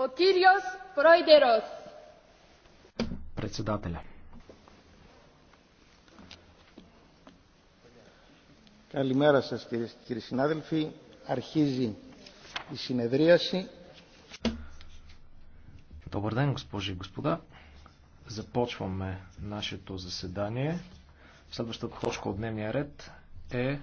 Ο κύριος Πρόεδρος. Председателя. Καλημέρα σας κύριε, κύριε συνάδελφοι. Αρχίζει η συνεδρίαση. Добър ден, госпожи и господа. Започваме нашето заседание. Следващата точка от дневния ред е